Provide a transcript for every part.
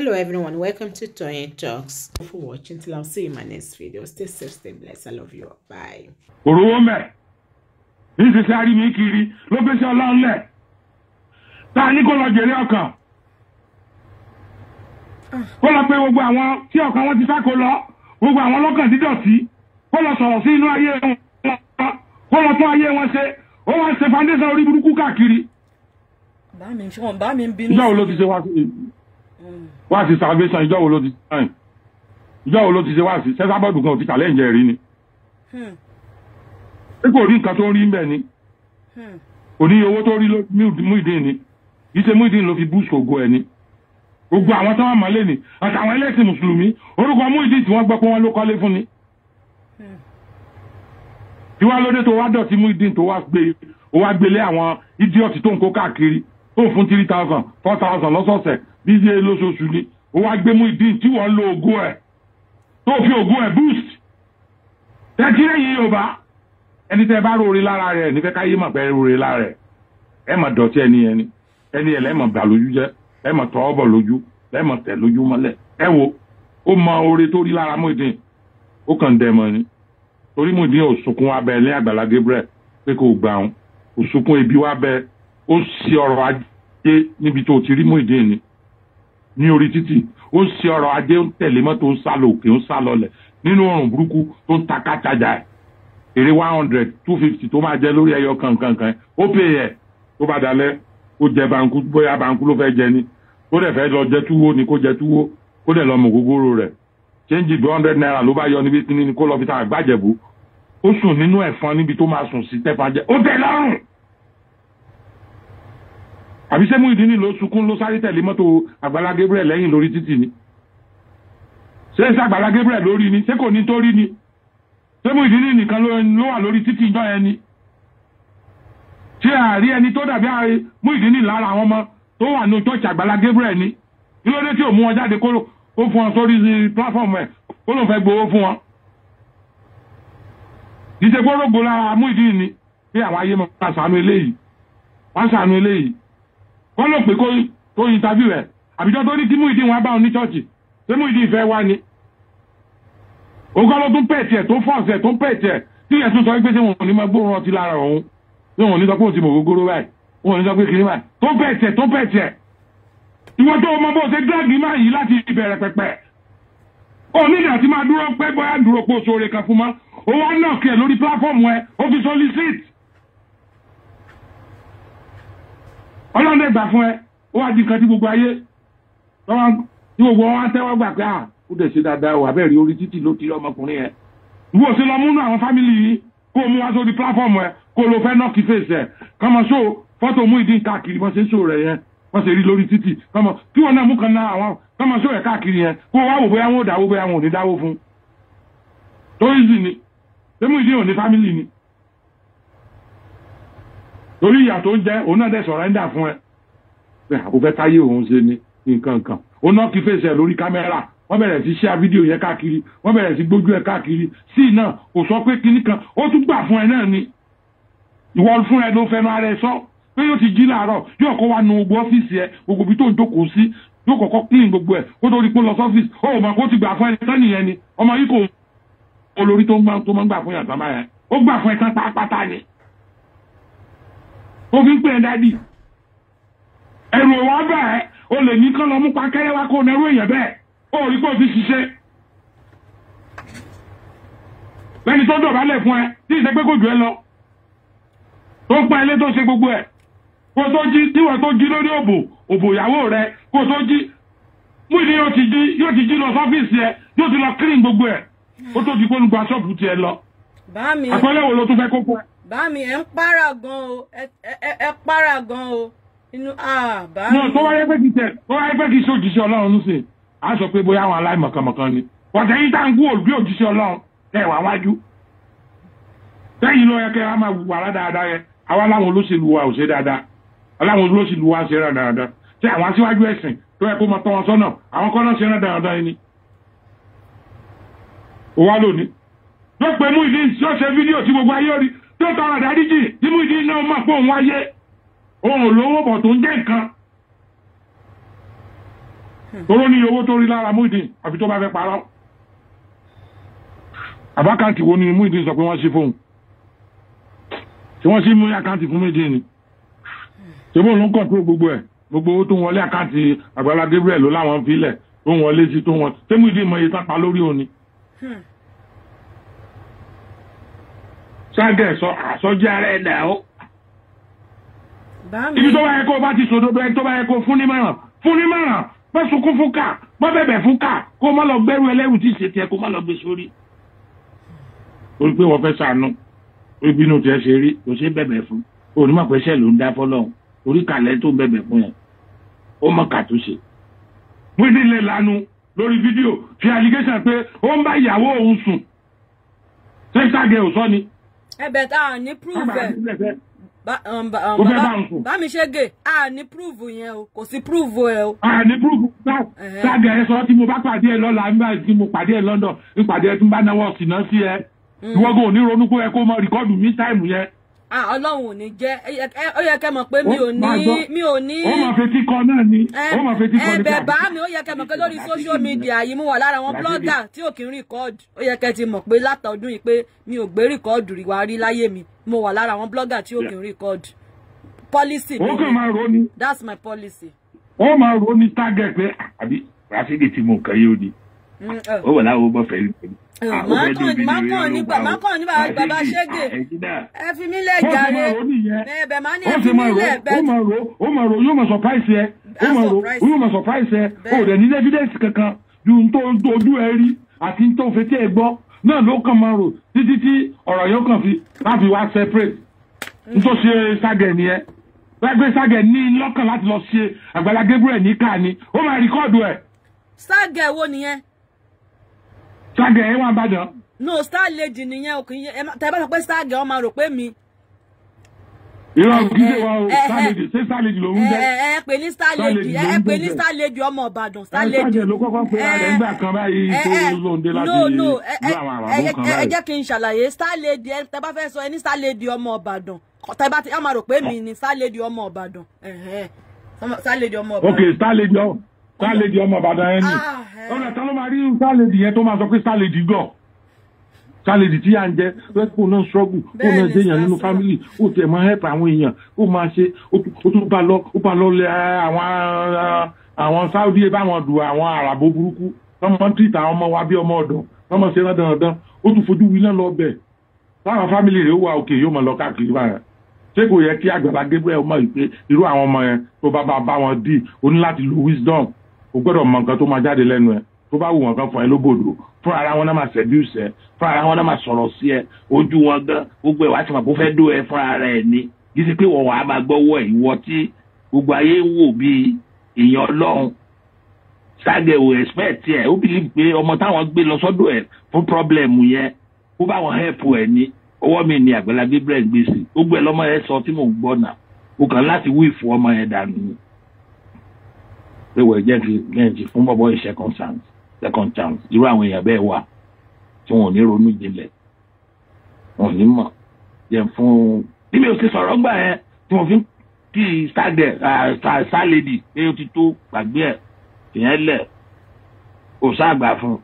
hello everyone welcome to Toyin Talks Thank you for watching till I see you in my next video stay safe stay blessed i love you all bye òróró mẹ nísinsìnyí arími kiri ló fẹsẹ Ọlọ́run lẹ tá a lọ jèrè ọkàn kó lọ pé gbogbo àwọn tí ọkàn wọn ti fẹ́ kó lọ gbogbo àwọn lọ́kàn dídọ̀tí kó lọ sọ̀rọ̀ sí inú ayé wọn kó lọ tún ayé wọn ṣe ó wá ṣe foundation orí burúkú káàkiri. bá mi ṣe bínú. sí i wáàsí salvation ìjọ́ wo ló ti ṣe ìjọ́ wo ló ti ṣe wáàsí sẹ́sábọ́ọ̀dù kan ò ti challenge rí ni hmm. pé kò rí nǹkan tó ń rí mbẹ̀ ni hmm. kò ní owó tó rí Muyideen ni kì í ṣe Muyideen ló fi búùsù ògo ẹ̀ ni gbogbo àwọn tí wọ́n mọ̀ lé ni àtàwọn ẹlẹ́sìn mùsùlùmí orúkọ Muyideen tí wọ́n gbọ́ pé wọ́n ló kọ́lé fún ni tí hmm. wàá lóde tó wá dọ̀tí Muyideen tó wá gbé ó wá gbélé àwọn idiot tó ń kó káàkiri tó ń fún three thousand four thousand lọ́sọ̀ọ̀sẹ̀ bísí lóṣooṣù ni ó wá gbé Muyideen tí wọ́n lo ògùn ẹ̀ tó fi ògùn ẹ̀ boost tẹ́tí lẹ́yìn yorùbá ẹni tẹ́ bá rore lára rẹ̀ nífẹ̀ẹ́ ká yé mà pẹ́ rore lára rẹ̀ ẹ mà dọ̀tí ẹni ẹni ẹni ẹ̀ lẹ́mọ̀ bà lójú jẹ́ lẹ́mọ̀ tọ́ ọ̀bọ̀ lójú lẹ́mọ̀ tẹ̀ lójú mọ́lẹ̀ ẹ wo ó mọ oore tó rí lára Muyideen ó kàn dẹ̀ mọ́ ni torí Muyideen ò sunkún wa bẹ́ẹ̀ ní Àgbàlá Gabriel pé kò gbà òun ò sunkún ebi wa bẹ́ẹ̀ ó sì ọrọ̀ ajé níbi tó ti rí Muyideen ni ní orí títì ó ń ṣe ọrọ̀ ajé ń tẹ̀lé mọ́tò ń sá lòkè ń sá lọlẹ̀ nínú ọrùn burúkú tó ń taká tajà ẹ̀ èrè one hundred two fifty tó máa jẹ lórí ẹyọ kankankan ó pè yẹ tó bá dalẹ̀ ó jẹ banku bóyá banku ló fẹ́ jẹ ni ó dẹ̀ fẹ́ lọ jẹ túwó ni kó jẹ túwó kó dẹ̀ lọ mọ̀ gógóró rẹ̀ change two hundred naira ló bá yọ níbi tí ní kó lọ fi ta àgbàjẹ̀bù ó sùn nínú ẹ̀fọn níbi tó máa sùn sí tẹ́fà jẹ ó tẹ̀ lọ́rùn àbí ṣé Muyideen ló sunkún ló sáré tẹ̀lé mọ́tò Àgbàlá Gabriel lẹ́yìn lórí títì ni ṣé ṣé Àgbàlá Gabriel lórí ni ṣé kò ní tó ni ṣé Muyideen nìkan ló wà lórí títì ìjọ yẹn ni ṣé àárí ẹni tó dàbí àárí Muyideen lára àwọn ọmọ tó wà ní tọ́ọ̀ṣì Àgbàlá Gabriel ni kí ló dé tí ò mú wọn jáde kó ó fún wọn sórí platform ẹ̀ ó lóun fẹ́ gbowó fún wọn ìṣègbórógbó lára Muyideen ni pé àwọn ayé máa ṣàánú eléyìí wọ́n ṣàánú wọ́n lò pé kó interview rẹ̀ àbíjọ́ tó ní tí Muyideen wá bá òun ní chọ́ọ̀chì ṣé Muyideen ìfẹ́ wá ni. ogún ọlọ́dún pẹ̀tì ẹ̀ tó fọ́ọ̀sì ẹ̀ tó pẹ̀tì ẹ̀ tí ẹ̀ tún sọ pé ṣé wọn ò ní máa gbóòórùn ọtí lára òun ṣé wọn ò ní sọ pé òun ti mọ̀ gógóró báyìí wọn ò ní sọ pé kiri báyìí tó pẹ̀tì ẹ̀ tó pẹ̀tì ẹ̀ ìwọ tó mọ bó ṣe dráàgì máa yìí láti ìbẹ̀rẹ̀ pẹ̀pẹ̀ ó ní ìdàtí máa dúró pẹ́ bóyá dúró pé oṣù ọlọ́run dẹ̀ gbà fún ẹ ó wá di nǹkan tí gbogbo ayé tí gbogbo wọn wá tẹ́wọ́ gbà pé à ó dẹ̀ ṣe dáadáa o àbẹ́rẹ́ orí títì ló ti rí ọmọkùnrin yẹn ìwọ sí lọ múnú àwọn fámìlì yìí kó o mú wá sórí pláfọ́ọ̀mù ẹ kó o lo fẹ́ nọ́ọ̀kì fèsì ẹ kọ́mọ sóò fọ́tò mú ìdí káàkiri bọ́n ṣe ń sòrò ẹ̀ yẹn wọ́n ṣe rí lórí títì kọ́mọ kí wọ́n náà mú kan náà àwọn kọ́mọ sóò ẹ̀ káàkiri o wá wò bóyá wọn ò dáwó bóyá wọn ò ní dáwó fún. tó ìzì ni ṣé mú ìdí torí ìyà tó ń jẹ òun náà dẹ̀ sọ̀rẹ́ńdà fún ẹ àbúfẹ́ táyé òun ṣe ni nǹkan kan òun náà kí fèsì ẹ̀ lórí kámẹ́rà wọ́n bẹ̀rẹ̀ sí ṣíà fídíò yẹn káàkiri wọ́n bẹ̀rẹ̀ sí gbójú ẹ̀ káàkiri sí náà kò sọ pé kinní kan ó tún gbà fún ẹ náà ni ìwọ fún ẹ ló fẹnu ara ẹ sọ pé yóò ti jí láàárọ̀ yóò kó wa nu gbogbo ọ́fíìsì ẹ gbogbo ibi tó ń jókòó sí yóò kọ́kọ́ clean gbogbo ẹ̀ kó tó rí pé lọ sọ́fíìsì ó mọ̀ kó ti gbà fún ẹ tán nìyẹn ni ọmọ yìí kò olórí tó máa ń gbà fún yàtọ̀ máa yẹn ó gbà fún ẹ tán pátápátá ni omi ń pè é dádì ẹ̀rù òwò abà ẹ́ o lè ní kán lọ mú pa kẹ́rẹ́ wá kó o nẹ́rú èèyàn bẹ́ẹ̀ ó rí kó o ti ṣiṣẹ́ lẹ́ni tó dọ̀bálẹ̀ fún ẹ tí ìṣe pé kò jù ẹ lọ tó ń pa ilé tó ṣe gbogbo ẹ̀ kó o tó jí tíwọ̀ tó jí lórí òbò òbò ìyàwó rẹ kó o tó jí mú ìdí yóò ti jí yóò ti jí lọ sọ́fíìsì ẹ yóò ti lọ kírìn gbogbo ẹ̀ ó tó ti kó nu gba ṣọ́ọ̀bù tiẹ̀ lọ àpẹẹrẹ wo ló tún fẹ́ kó kó ẹ bá mi ẹ ń para gan o ẹ para gan o inú bá mi. náà tó wáyé pé kì í tẹ tó wáyé pé kì í ṣe òjíṣẹ́ Ọlọ́run níṣẹ á sọ pé bóyá àwọn aláìmọ̀kànmọ̀kàn ni wọtẹ yìí tá ń gbó òbí òjíṣẹ́ Ọlọ́run ẹ wà wájú lẹ́yìn lọ yẹ kẹ máa wà dáadáa yẹ àwa láwọn olóṣèlú wa ò ṣe dáadáa aláwọn olóṣèlú wa ṣe dáadáa tí àwọn aṣíwájú ẹ̀sìn tó yẹ kó máa tọ́ wọn sọ́nà àwọn kọ́nà ṣe dáadáa yẹn ni. òwa lónìí ló mú ìdí ìṣọ́ṣe fídíò tí gbogbo ayé rí tó tọrọ àdáríjì tí mú ìdí iná mọ̀ pé òun wáyé òun ò lówó bọ̀ tó ń jẹ́ nǹkan. Hmm. toró ní owó tó rí lára Muyideen àfi tó bá fẹ́ parọ́. àbákàǹtì wo ni Muyideen sọ pé wọ́n ṣí fóun tí wọ́n ṣí mú àkáǹtì fún Muyideen ni ṣé bóun ló ń kọ̀ọ̀tún gbogbo ẹ̀ gbogbo owó tó ń wọlé àkáǹtì Àgbàlá Gabriel ló láwọn fi lẹ̀ tó ń wọlé sí tó ń wọlé ṣé Muyideen mọ iye sápá lórí òun ni. Hmm sáńgẹ̀ sọ àsọjí ara ẹ̀ dà ó. ibi tó bá yẹ kó o bá ti sòdodo ẹni tó bá yẹ kó o fún nímọ̀ràn fún nímọ̀ràn bá sunkún fún ká bá bẹ̀bẹ̀ fún ká kó o má lọ gbẹ́rù ẹlẹ́rù tí ìṣètì ẹ kó o má lọ gbé sórí. o rí pé wọ́n fẹ́ sànú o rí bínú tiẹ̀ ṣe rí o ṣe bẹ̀bẹ̀ fún o ní màpẹ́ sẹ́ẹ̀ ló ń dá fọlọ́hún orí kàlẹ́ tó bẹ̀bẹ̀ fún yẹn o mọ̀ kà tó ṣe. mo ní ilẹ̀ lanu lórí fídíò fi allegation pé ó ń bá ìyàwó òun sùn sẹ́ńtàgẹ̀ ò sọ ni ẹ bẹ tá a ní proof ẹ um, um, bá mi ṣe gè a ní proof yẹn o kò sí proof ẹ o. a ní proof gbàgà ẹ sọ tí mo bá pàdé ẹ lọ́la nígbà tí mo pàdé ẹ London nípàdé ẹ tí mo bá náwó ọ̀sìn náà sí ẹ hmm. ìwọ́gùn ò ní ronú pé ẹ kó mọ rìkọ́dù mí táìmù yẹn ah ọlọ́run ò ní jẹ́ ó yẹ kẹ́ mọ̀ pé mi ò ní mi ò ní. ó máa fetí kọ náà ni ó máa fetí kọ nípa. ẹ̀bẹ̀ bá mi ó yẹ kẹ́ mọ̀ pé lórí social media yìí mo wà lára àwọn blọ́gà tí ò kí ń rìkọ́ọ̀dù ó yẹ kẹ́ ti mọ̀ pé látọdún yìí pé mi ò gbé rìkọ́ọ̀dù wa rí láyé mi mo wà lára àwọn blọ́gà tí ò kí ń rìkọ́ọ̀dù policy mi ni that's my policy. ó máa ro ní target pé ah, àbí rasidi ti mú nǹkan yìí ó mm, oh. ó wà láwọn ọmọ fẹ́ẹ́ mákàn nípa mákàn nípa bàbá ṣẹ́gẹ̀ ẹ fi mí lẹ̀ jàre ẹ̀bẹ̀ máa ní ẹ fi mí lẹ̀ bẹ́ẹ̀. ó máa ro ó máa ro yóò máa surprise ẹ ó máa ro yóò máa surprise ẹ ó dẹ̀ ní evidence kankan ju n tó ojú ẹ rí àti n tó fetí ẹ gbọ́ náà ló kàn máa rò títí tí ọ̀rọ̀ yóò kàn fi láti wá separate n tó ṣe ságẹ̀ nìyẹn lágbé ságẹ̀ ní lọ́kàn láti lọ ṣe Àgbàlá Gabriel ní káà ni ó máa rìkọ́ọ̀dù ẹ̀. ságẹ̀ wo nìyẹn Stargurl ẹ wà Ìbàdàn. no star lady nìyẹn o kì í tẹ ẹ bá sọ pé Stargurl ọmọ rò pé mi. irọ́ kì eh, wa o eh, eh, star lady ṣé star lady ló ń ẹ ẹ pè ní star lady ẹ pè ní star lady ọmọ star lady. ẹ ló kọ́kọ́ pé ara ẹ̀ ń gbà kan báyìí tó lóde láti ní àwọn àràmọ́ kan báyìí. ẹ jẹ́ kí n ṣàlàyé star lady ẹ tẹ bá fẹ́ sọ ẹ ní star lady ọmọ Ìbàdàn tẹ bá ti ẹ máa rò pé mi star lady ọmọ star lady ọmọ Ìbàdàn. ok star lady ọmọ. sálẹ̀dì ọmọ ìbàdàn yẹn ni ah, eh. ọ̀rọ̀ máa rí sálẹ̀dì yẹn tó máa sọ pé sálẹ̀dì gọ̀ sálẹ̀dì tí à ń jẹ kó náà ṣọ́gù kó náà jẹ èèyàn nínú fámìlì kó tẹ̀ máa hẹ́pà àwọn èèyàn kó máa ṣe ó tún bá lọ lẹ eh, àwọn eh, àwọn báwọn dùn àwọn àràbò burúkú lọ́mọ ń tìta ọmọ wa bí ọmọ ọ̀dọ̀ lọ́mọ ṣe rán dandan ó tún fojú winá lọ bẹ̀ láwọn fámìlì rẹ̀ ó wà òkè yóò mọ̀ lọ káàkiri báyẹn ṣé kò yẹ kí àgbàlá Gabriel mọ̀ pé irú àwọn ọmọ yẹn tó bá bá wọn dì ó ní láti lo wisdom o gbọ́dọ̀ mọ nǹkan tó máa jáde lẹ́nu ẹ tó bá wù wọn gan fún ẹ lóbòdò fún ara wọn náà máa ṣẹdúùsì ẹ fún ara wọn náà máa sọ̀rọ̀ sí ẹ ojú wọn gan gbogbo ẹ wàá ti mọ̀ bó fẹ́ dó ẹ fún ara ẹ ni kì í ṣe pé wọn wàá máa gbọ́wọ́ ẹ ìwọ tí gbogbo ayé wò bíi èèyàn Ọlọ́run ṣáàgẹ̀ ò expect ẹ ó bìlí pé ọmọ táwọn gbé lọ sọ́dọ̀ ẹ fún problem yẹn kó bá wọn help ẹ ní ọwọ́ mi ni àgbàlá Gabriel gbèsè gbogbo ẹ lọ́mọ yẹn sọ tí mò ń gbọ́ náà o kàn láti wí fún ọmọ yẹn dànù ni pé wọ́n jẹ́ kí gẹ́ǹtì fún bọ́bọ́ yìí second chance second chance irú àwọn èèyàn bẹ́ẹ̀ wà tí wọn ò ní ronú jinlẹ̀ wọn ò ní mọ̀ jẹ́ fún níbi ò ti sọ̀rọ̀ gbà yẹn tí wọ́n fi ń kí sádẹ̀ sálẹ̀dì pé ó ti tó gbàgbé ẹ̀ tìyẹn lẹ̀ ò sáàgbà fún un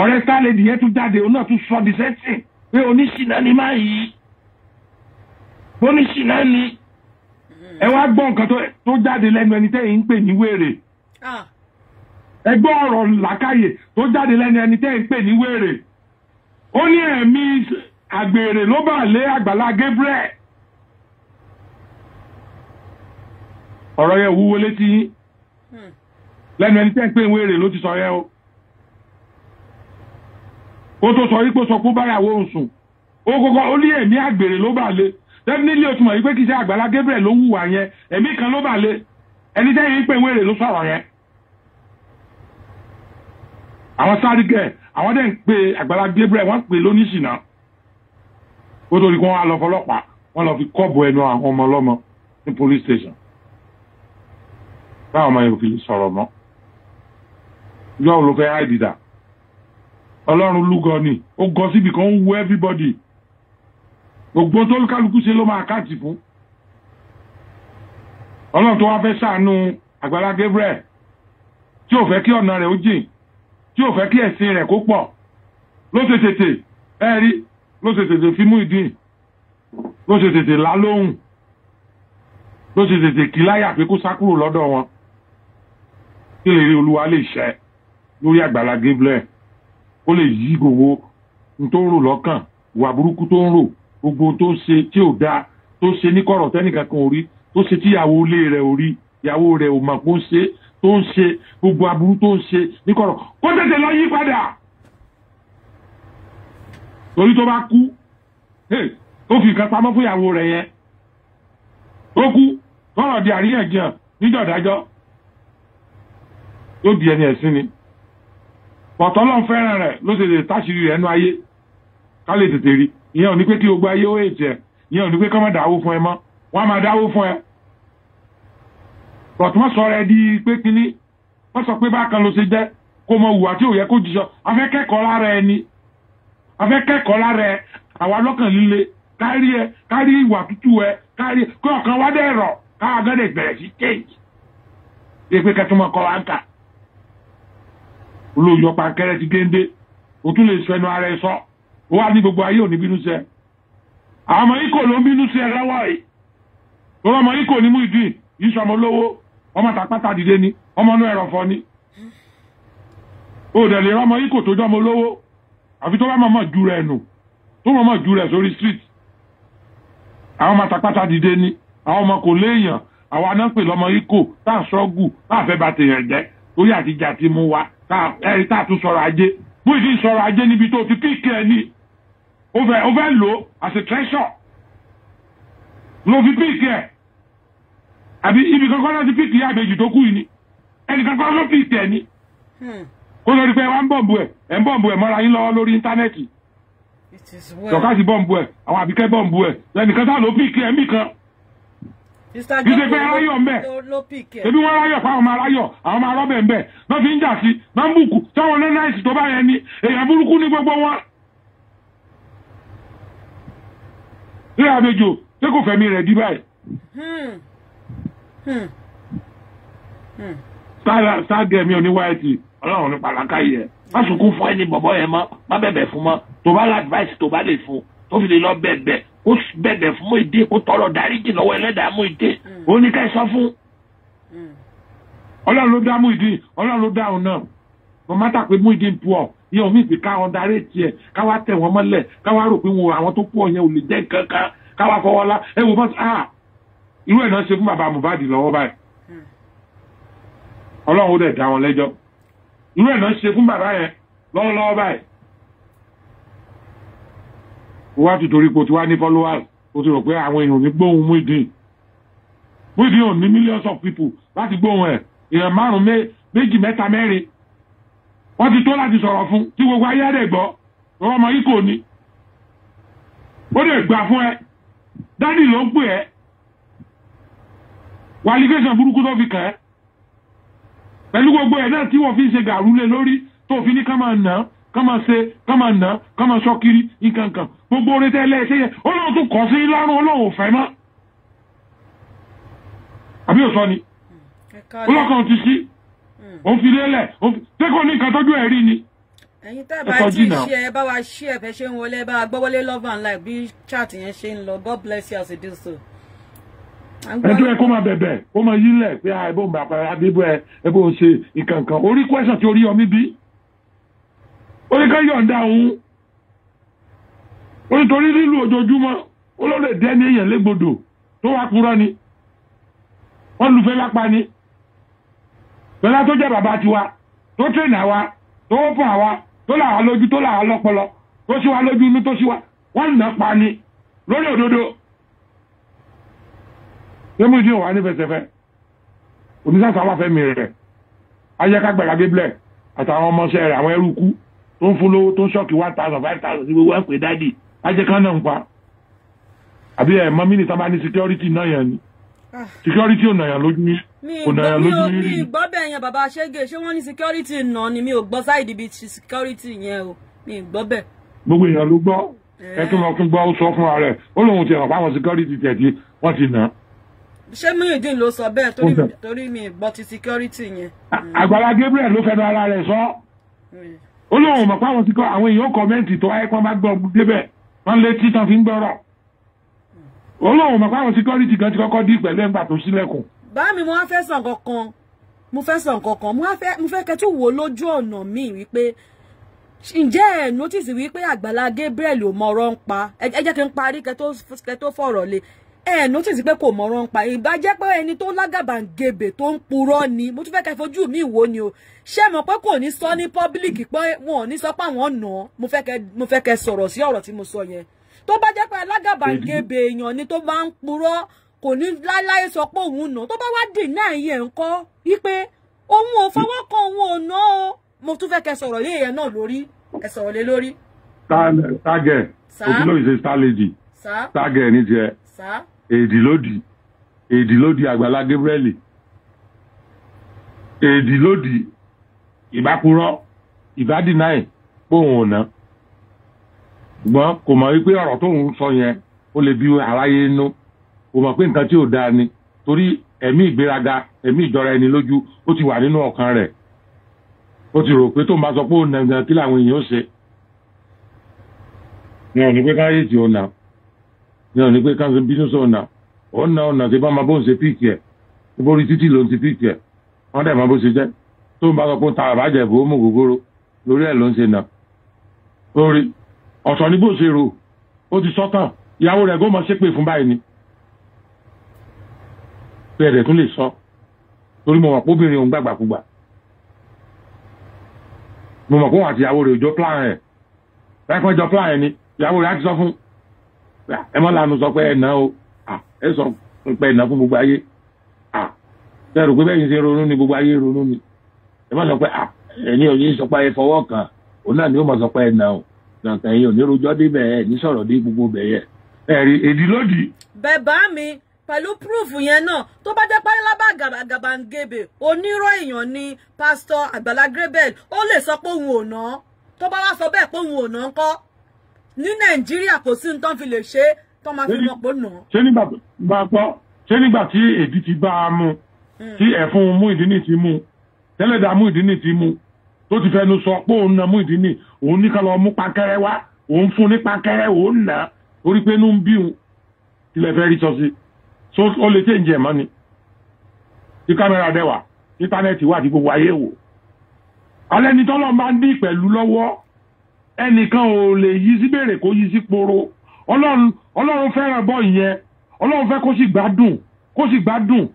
ọ̀rẹ́ sálẹ̀dì yẹn tún jáde òun náà tún sọ the same thing pé oníṣìnà ni máa yí oníṣìnà ni ẹ wá gbọ́ nǹkan tó jáde lẹ́nu ẹni tẹ́yìn ń pè ní wèrè ah. ẹ gbọ́ ọ̀rọ̀ làkàyè tó jáde lẹ́nu ẹni tẹ́yìn ń pè ní wèrè ó ní ẹ̀mí àgbèrè ló bà lé àgbàlá Gabriel ọ̀rọ̀ yẹn wúwo létí hmm. lẹ́nu ẹni tẹ́yìn ń pè ní wèrè ló ti sọ yẹn o ó tó sọ yí pé sọ pé báyàwó ń sùn ó kọ́kọ́ ó ní ẹ̀mí àgbèrè ló bà lé definitely o ti mọ̀ yìí pé kì í ṣe àgbàlá Gabriel ló wùwà yẹn ẹ̀mí kan ló bà lé ẹni tẹ́yìn ń pè wéèrè ló sọ̀rọ̀ yẹn. àwọn sáré gẹ̀ àwọn dẹ̀ ń pe àgbàlá Gabriel wọ́n pè lóníṣìnà ó torí kí wọ́n á lọ fọlọ́pàá wọ́n lọ fi kọ́ọ̀bù ẹnu àwọn ọmọ ọlọ́mọ ní police station báwọn ọmọ yẹn fi sọ̀rọ̀ mọ́ yọ olùfẹ́ àìdìdà ọlọ́run lúgọ gbogbo tó kálukú ṣe ló máa káàtì fún ọlọ́run tó wá fẹ́ ṣàánú àgbàlá Gabriel tí ò fẹ́ kí ọ̀nà rẹ̀ ó jìn tí ò fẹ́ kí ẹ̀sìn rẹ̀ kó pọ̀ ló ṣe tètè ẹ rí ló ṣe tètè fi mú ìdí ló ṣe tètè lá lóhùn ló ṣe tètè kí láyà pé kó sá kúrò lọ́dọ̀ wọn kí lè rí olúwa lè ṣẹ lórí àgbàlá Gabriel ó lè yí gbogbo n lọ́kàn ìwà burúkú tó ń rò gbogbo tó ṣe tí ò dáa tó ṣe ní kọ̀rọ̀ tẹ́nìkan kan ò rí tó ṣe tí ìyàwó ilé rẹ̀ ò rí ìyàwó rẹ̀ ò mọ̀ pé ó ṣe tó ń ṣe gbogbo aburú tó ń ṣe ní kọ̀rọ̀ kó tètè lọ yí padà torí tó bá kú ó fi nǹkan pamọ́ fún ìyàwó rẹ̀ yẹn ó kú kọ́rọ̀ di àríyànjiyàn níjọ̀dájọ́ yóò di ẹni ẹ̀sìn ni pọ̀tọ́lọ́ fẹ́ràn rẹ̀ ló ṣe lè táṣìírí rẹ̀ nú ayé ká lè tètè rí i ìyẹn ò ní pé kí gbogbo ayé ó èjì ẹ ìyẹn ò ní pé kọ́mọ̀ dáwó fún ẹ mọ́ wọ́n máa dáwó fún ẹ. bọ̀tún wọ́n sọ rẹ di pé kínní wọ́n sọ pé bákan ló ṣe jẹ́ kó mọ hùwà tí ò yẹ kó jíṣọ afẹ́ kẹ́kọ̀ọ́ lára ẹ ni afẹ́ kẹ́kọ̀ọ́ lára ẹ àwa lọ́kàn líle kárí ẹ kárí ìwà tútù ẹ kárí kí ọ̀kan wá dẹ̀ rọ̀ káwa gẹ́dẹ̀ bẹ̀rẹ̀ sí kéèkì èpè kẹtùmọ̀ kọ́ wa ń kà olóòyọ̀pá kẹrẹ ti géńdé òtún lè sọ ara ẹ sọ. So ó wá ní gbogbo ayé ò ní bínú sẹ àwọn ọmọ ikọ ló ń bínú sí ẹrẹ wáyé lọ́wọ́ ọmọ ikọ ní Muyideen yìí ọmọ lówó ọmọ tàpátá dìde ni ọmọ inú ẹ̀rọ̀fọ̀ ni o dẹ̀ lè rọ́mọ ikọ tó jọ́ ọmọ lówó àfi tó bá mọ̀ mọ̀ ju rẹ̀ nù tó mọ̀ mọ̀ ju rẹ̀ sórí street àwọn ọmọ tàpátá dìde ni àwọn ọmọ kò léèyàn àwọn anápè lọmọ ikọ tá a sọ́gù tá a fẹ́ bá tèèyàn jẹ́ lórí àtijọ́ àti mú wa tá a tún sọ̀rọ̀ ajé Muyideen sọ̀rọ̀ ajé níbi tó ti kíkẹ́ ni o fẹ́ o fẹ́ lò as a treasure lo fi píìkì ẹ̀ àbí ibi kankan láti píìkì yá àbẹ̀jù tó kù yìí ni ẹnì kankan ló píìkì ẹ̀ ni hmm. kó lórí pé wá ń bọ̀m̀bù ẹ̀ ẹ̀ ń bọ̀m̀bù ẹ̀ mọ́ra yín lọ́wọ́ lórí íńtánẹ́ẹ̀tì tọ́kasì bọ́m̀bù ẹ̀ àwọn àbíkẹ́ bọ́m̀bù ẹ̀ lẹ́nìkan sá ló píìkì ẹ̀ mí kan ìṣe pé aráyọ̀ mbẹ́ ebi wọn aráyọ̀ pa àwọn aráyọ̀ àwọn ọmọ arọ́bẹ̀ mbẹ́ lọ́fi ń jà sí bámbùkù táwọn náírà ìsìtọ́ bá yẹn ni èèyàn burúkú ní gbogbo wọn. ṣé àbejò ṣé kò fẹ̀mí rẹ̀ dí báyìí. Hmm. Hmm. Hmm. ságẹ̀mí oníwáyẹ̀tì ọlọ́run ní pàlàkà yìí ẹ̀ má sunkún fún ẹni bọ̀bọ̀ yẹn mọ́ má bẹ̀bẹ̀ fún mọ́ tó bá la advice tó bá lè fún tó fi lè lọ bẹ̀bẹ̀ kó bẹ̀bẹ̀ fún mú ìdí kó tọrọ dáríjì lọ́wọ́ ẹlẹ́dàá mú ìdí òun ní ká ẹ sọ fún. ọlọ́run ló dá mú ìdí ọlọ́run ló dá òun náà mo má tà pé mú ìdí ń pu ìyẹn omi ìsìn ká ọ̀ndarẹ́ tiẹ̀ ká wá tẹ̀ wọ́n mọ́lẹ̀ ká wá rò pé wọn àwọn tó kú ọ̀yẹn ò lè jẹ́ kankan ká wá fọwọ́ lá ẹ wò bá ah irú ẹ̀ náà ṣe fún bàbá Mohbad lọ́wọ́ báyìí hmm. ọlọ́run ó dẹ̀ dá wọn lẹ́jọ́ irú ẹ̀ náà ṣe fún bàbá yẹn lọ́wọ́lọ́wọ́ báyìí wá tìtorí kò tí wá ní followers ó ti rò pé àwọn èèyàn ò ní gbóhùn mú ìdín mú ìdín ò ní millions of people láti gbóhùn ẹ̀ èèyàn márùn-ún méjì mẹ́ta mẹ́rin wọ́n ti tó láti sọ̀rọ̀ fún tí gbogbo ayé rẹ̀ gbọ́ ọ̀rọ̀ ọmọ yìí kò ní. ó lè gbà fún ẹ dádì ló ń pè ẹ wàlífẹsẹ̀ burúkú tó fi kàn ẹ́ pẹ̀lú gbogbo ẹ̀ náà tí wọ́n fi ń ṣe gàrú lé lórí tó fi ní ká máa nà ká máa ṣe ká máa nà ká máa ṣọ́kiri nǹkankan gbogbo orin tẹ́lẹ̀ ṣe yẹ ọlọ́run tún kọ́ sí lọ́rùn ọlọ́run ò mọ́ àbí òsọ ni hmm. ọlọ́kan ti sí òun fi lélẹ̀ tẹ́kọ̀ ní nǹkan tọ́jú ẹ̀ rí ni. ẹ̀yin tá a bá ti ṣe ẹ bá wa ṣí ẹ fẹ́ ṣe ń wọlé bá wa gbọ́ wọlé love and life bí chat yẹn ṣe ń lọ god bless you as you do so. ẹjọ́ ẹ kó máa bẹ̀bẹ̀ ó máa yílẹ̀ pé ah, ẹ bó ń bá apá abíbú ẹ ẹ bó ń ṣe ìkànkàn orí kwẹ́sàn tí orí ọmí bí orí kan yọ̀ǹda òun onítorí lílù ojoojúmọ́ ó ló lè dẹ́ ní èèyàn légbodò tó wá purọ́ ni wọ́n lùfẹ́ lápá ni lọ́lá tó jẹ́ bàbá tiwa tó tẹ̀nà wa tó fún àwa tó là wá lójú tó là wá lọ́pọlọ tó sí wa lójú inú tó sí wa wọ́n nà pa ni lórí òdodo sẹ́mu ìdí òwà ní fẹsẹ̀fẹ́ onísàsà wà fẹ́ mi rẹ̀ ayẹ́kágbẹ̀rẹ̀ bíblẹ̀ àtàwọn ọmọọṣẹ́ rẹ̀ àwọn ẹrú kú tó ń fún lówó tó ń ṣọ́ọ̀kì one thousand five thousand sí gbogbo ẹ̀pẹ́ dáàdì ajẹ́kánná ń pa àbí ẹ̀ mọ́ mínísítà bá ní security náà yẹn ni security ò nàyà lójú ní. mi ò mi gbọ́ bẹ́ẹ̀ yẹn bàbá ṣẹ́gẹ̀ ṣé wọ́n ní security nà ni mi ò gbọ́ sáìdì bíi ti security yẹn o mi gbọ́ bẹ́ẹ̀. gbogbo èèyàn ló gbọ́ ẹ tún lọ tún gbọ́ ó sọ fún ara ẹ̀ ó lóun ti hàn fáwọn security tẹ̀tí wọ́n ti nà á. ṣé Muyideen ló sọ bẹ́ẹ̀ torí mi gbọ́ ti security yẹn. Àgbàlá Gabriel ló fẹnu ara rẹ̀ sọ hmm. ó lóun mọ̀ fáwọn security àwọn èèyàn kọ́mẹ́ǹtì tó wáyé pọ́n bá gbọ́ débẹ̀ wọ́n lé tí tán fi ń gbọ́rọ̀ olóhùn mọ̀ fáwọn security kan ti kọ́kọ́ dí pẹ̀lú ẹgbà tó sílẹ̀kùn. bá mi mo wá fẹ́ sàn kankan mo fẹ́ sàn kankan mo fẹ́ kẹ́tù wò lójú ọ̀nà mi wípé ǹjẹ́ ẹ̀ notice wípé Àgbàlá Gabriel ò mọ ọ̀rọ̀ ń pa ẹ jẹ́ kí n parí kẹ́ tó fọ̀rọ̀ le ẹ notice pé kò mọ̀rọ̀ ń pa ìbàjẹ́ pé ẹni tó lágàbàǹgebè tó ń purọ́ ni mo tún fẹ́ kẹ́ fojú mi wò ni o ṣé mọ̀ pé kò ní sọ ní public pé wọn ò ní sọ pé àwọn nà án mo fẹ́ kẹ́ sọ̀rọ̀ sí ọ̀rọ̀ tí mo sọ yẹn tó bá jẹ́ pé alágàbàgebè èèyàn ni tó bá ń purọ́ kò ní láéláé sọ pé òun nà tó bá wá dì náà yẹn ńkọ́ wípé òun ò fọwọ́ kan òun ò ná o mo tún fẹ́ kẹ sọ̀rọ̀ lé yẹn náà lórí ẹ sọ̀rọ̀ lé lórí. tágẹ̀ ojúlówó ṣe stálẹ́jì tágẹ̀ ní tiẹ̀ èdè lòdì èdè lòdì àgbàlá Gabriel èdè lòdì ìbákúrọ́ ìbádìnnáì pòun ò náà. ṣùgbọ́n kò mọ̀ wípé ọ̀rọ̀ ń sọ yẹn ó lè bí aráyé nú kò mọ̀ pé nǹkan tí ò dáa ni torí ẹ̀mí ìgbéraga ẹ̀mí ìjọra ẹni lójú ó ti wà nínú ọ̀kan rẹ̀ ó ti rò pé tó bá sọ pé nàìjíríà kí làwọn èèyàn ó ṣe ní ọ̀nà pé ọ̀nà ọ̀nà ọ̀nà ọ̀nà ọ̀nà tí bá máa ń píìkì ẹ̀ bá ọ̀tọ̀ ní bó ṣe ó ti sọ́kàn ìyàwó rẹ̀ gómọ ṣépè fún báyìí ni bẹ́ẹ̀ rẹ̀ tún lè sọ torí mo mọ̀ pé obìnrin òun gbàgbàkúgbà mo mọ̀ pé òun àti ìyàwó rẹ̀ òjò plan ẹ̀ plan ẹ̀ ni ìyàwó rẹ̀ á ti sọ fún ẹ mọ́ sọ pé ẹ̀ fún gbogbo ayé rò pé bẹ́ẹ̀ ṣe ronú gbogbo ayé ronú ni ẹ gbàǹkà yìí ò ní rojọ́ débẹ̀ ẹ̀ ní sọ̀rọ̀ dé gbogbo bẹ̀ yẹ ẹ̀rí èdè lódì. bẹ̀bá mi pẹ̀lú púrúfù yẹn náà tó bá jẹ́ pálábà gàbàǹgebè onírọ̀ ni pásítọ̀ Àgbàlá Gabriel ó lè sọ pé òun ò ná tó bá wá sọ bẹ́ẹ̀ pé òun ò ná ńkọ́ ní Nàìjíríà kò sí nǹkan fi lè ṣe tó máa fi mọ̀ pé ná. ṣé nígbà bá gbọ́ ṣé nígbà tí èdè ti bá a mu hmm. tí ẹ̀fún mú ìdí ní ti mú tẹ́lẹ̀dá mú ìdí ní ti mú tó ti fẹnu sọ pé òun na Muyideen òun ní ká lọ mú pankẹrẹ wá òun fún ní pankẹrẹ òun nà orí pé inú ń bí òun ilẹ̀ fẹ́ rí sọ́sí so ó lè tẹ̀ ń jẹ̀ mọ́ ni tí kámẹ́rà dẹ̀ wà íńtánẹ́ẹ̀tì wà tí gbogbo ayé wò alẹ́ ni tọ́lọ́ bá ń dín pẹ̀lú lọ́wọ́ ẹnìkan ò lè yí sí béèrè kó yí sí poro ọlọ́run ọlọ́run fẹ́ràn bọ́ ìyẹn ọlọ́run fẹ́ kó sì gbádùn kó sì gbádùn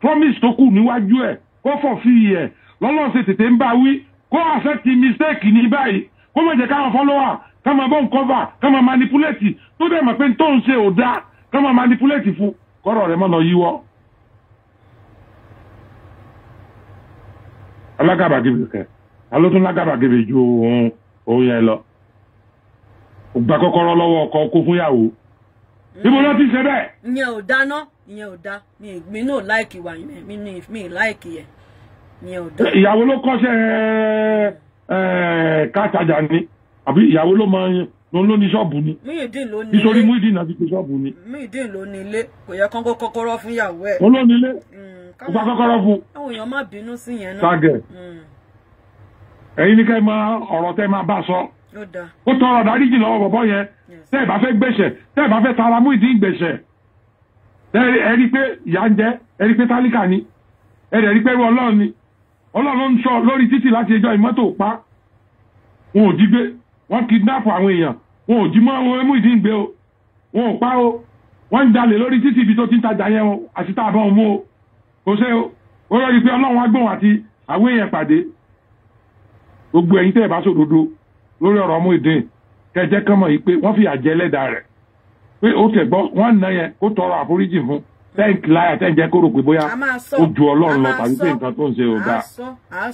promise tó kù níwájú ẹ̀ kó fọ̀ fi iyẹ̀ lọ́lọ́run ṣe tètè ń bá wí kó ti mistake ní báyìí kó má jẹ́ káwọn follower ká máa bọ́ nkọ́fà ká manipulate tó dẹ̀ mọ̀ pé tó ń ṣe ò dáa ká máa manipulate fún kọ́rọ̀ rẹ̀ mọ́nà yíwọ́. alágàbàgebè kẹ alótún lágàbàgebè ju ohun ohun yẹn lọ gba kọ́kọ́rọ́ lọ́wọ́ ọkọ kó fún yàwó ibo ló ti ṣe bẹ́ẹ̀. ìyẹn ò dáná ìyẹn ò dá mi ò láìkì wà yẹn mi ì láìkì yẹn ìyàwó ló kọ́ṣẹ́ kátajà ni àbí ìyàwó ló máa ń ló ní ṣọ́ọ̀bù ni nítorí Muyideen náà fi ṣe ṣọ́ọ̀bù ni. Muyideen ló ní ilé kò yẹ kán kó kọ́kọ́rọ́ fún ìyàwó ẹ̀. ó ló ní ilé hmm, kó bá kọ́kọ́rọ́ fún. àwọn èèyàn má bínú sí yẹn náà. sàgẹ̀ hmm. ẹ̀yin ní kẹ́ ẹ máa ọ̀rọ̀ tẹ́ máa bá a sọ. ó tọrọ dáríjì lọ́wọ́ bọ̀bọ́ yẹn tẹ́ ẹ bá fẹ́ gbẹ̀ṣẹ̀ tẹ́ ẹ bá fẹ́ tara Muyideen gbẹ̀ṣẹ̀ ẹ rí pé ìyá ń jẹ ẹ rí pé tálíkà ni ẹ rí pé ẹrú Ọlọ́run ni ọlọ́run ń sọ lórí títì láti ẹjọ́ ìmọ́tò pa wọn ò jí gbé wọ́n kidnap àwọn èèyàn wọn ò jí mọ́ àwọn ẹmú ìdí ń gbé o wọn ò pa o wọ́n ń dalẹ̀ lórí títì ibi tó ti ń tajà yẹn o àti tá a bá wọn mú o kò sẹ́ o ó lọ́ọ́ pé ọlọ́run agbóhùn àti àwọn èèyàn pàdé gbogbo ẹ̀yin tẹ́ ẹ̀ bá sòdodo lórí ọ̀rọ̀ ọmú ìdí kẹjẹ kán mọ̀ yìí pé wọ́n fìyà jẹ ẹlẹ́dàá rẹ̀ pé ó tẹ̀ gbọ́ wọ́n ń tẹ́ ń láyà tẹ́ ń jẹ́ kó rò pé bóyá ó ju ọlọ́run lọ tàbí pé nǹkan tó ń ṣe ò dáa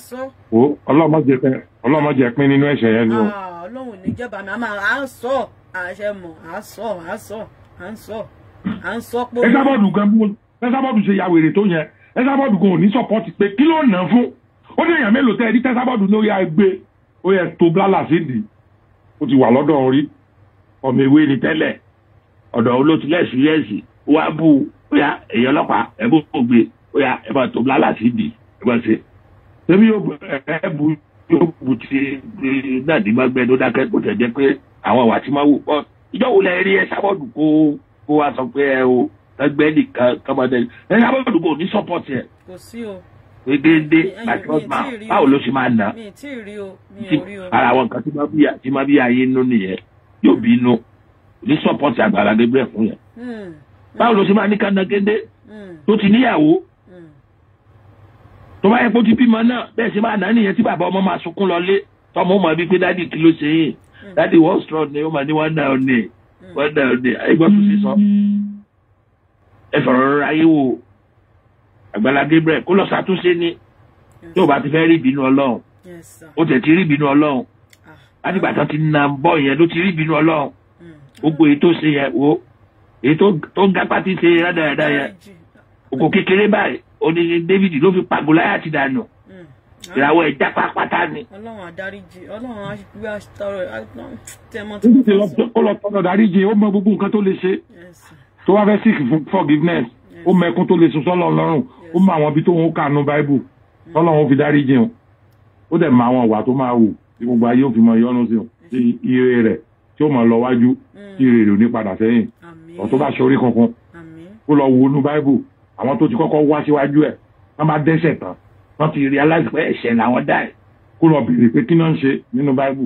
o ọlọ́mọ jẹ pín nínú ẹ̀ṣẹ̀ yẹn ni o. Ah, ọlọ́run níjọba mi a máa à ń sọ àṣẹ mọ̀ à ń sọ à ń sọ à ń sọ à ń sọ pé. ẹsábọ́ọ̀dù gan bú ẹsábọ́ọ̀dù ṣe ya wèrè tó yẹn ẹsábọ́ọ̀dù gan ò ní sọ́pọ́ọ̀tì pé kí de nà fún ó ní èèyàn mélòó tẹ́ ẹ rí tẹ́sábọ́ọ̀dù ní ó yà gbé ó yẹ tó blálà sídìí ó ti wà lọ́dọ̀ orí ọmọ ìwé ni tẹ́lẹ̀ ọ̀dọ̀ olótìlẹ́sì yẹ́sì wá bú u óyá èyí ọlọ́pàá ẹ bó o gbé óyá ẹ bá tó bla láti dì ẹ bá ṣe ṣébí yóò ẹ bu yóò bu ti dàdí má gbẹ ló dákẹ́ kó tẹ̀ jẹ́ pé àwọn àwà tí máa wò pọ̀ ìjọ wo lẹ rí ẹ sábọ́ọ̀dù kó kó wa sọ pé ẹ o ẹgbẹ́ nìkan kọ́mọdé ẹ sábọ́ọ̀dù kò ní sọ́pọ̀tì ẹ. kò sí o gbẹgbẹdẹ àti ọgbà báwo ló ṣe máa nà ara àwọn nǹkan tí máa bí tí máa ayé nínú nìyẹn yóò bínú ní sọ́pọ̀tì àgbàlagbẹgbẹ fún yẹn. Hmm báwo ló ṣe máa ní kandakende tó ti níyàwó tó bá yẹ kó ti bímọ náà bẹ́ẹ̀ ṣe máa nà nìyẹn tí bàbá ọmọ máa sunkún lọlé tọmọ ọmọ bíi pé dádì kí ló ṣe yìí dádì wọ́n strong ni ó máa ní wọ́n dà ọ́ ní wọ́n dà ọ́ ní ẹgbẹ́ tó ti sọ ẹ fọ̀rọ̀ rọra yé wo Àgbàlá Gabriel kó lọ ṣàtúnṣe ni tí o bá ti fẹ́ rí ìbínú Ọlọ́run o tẹ̀ ti rí ìbínú Ọlọ́run ah. látìgbà tán ti na bọ́ yẹn ló ti rí ìbínú Ọlọ́run mm. gbogbo èyí tó ṣe yẹn wo èyí tó gápá ti ṣe rádaràda yẹn òkò kékeré báyìí ó ní David ló fi pa Gòláyátì dànù mm. ìràwọ̀ ẹja pátá ni. Ọlọ́run àdáríjì Ọlọ́run àgbẹ àtọrọ tẹmọ tó ń sọ. ó lọ tọrọ dáríjì ó mọ gbogbo nǹkan tó lè ṣe tó wá fẹ́ seek forgiveness ó mọ ẹkún tó lè sun sọ́lọ́ ọlọ́run ó mọ àwọn ibi tó ń kànú báíbù tọ́lọ́run fi dáríjì o ó dẹ̀ mọ àwọn ìwà tó máa wù tí gbogbo ayé òfin mọ ìyọnu sí o sí ire rẹ̀ tí ó mọ lọ wájú tí mm. ire rẹ̀ ò ní padà sẹ́yìn ọ̀n tó bá ṣe orí kankan kó lọ wọnú báíbù àwọn tó ti kọ́kọ́ wá síwájú ẹ̀ wọ́n bá dẹ́sẹ̀ tán wọ́n ti realize pé ẹ̀ṣẹ̀ làwọn dá ẹ̀ kó lọ bèrè pé kí náà ń ṣe nínú báíbù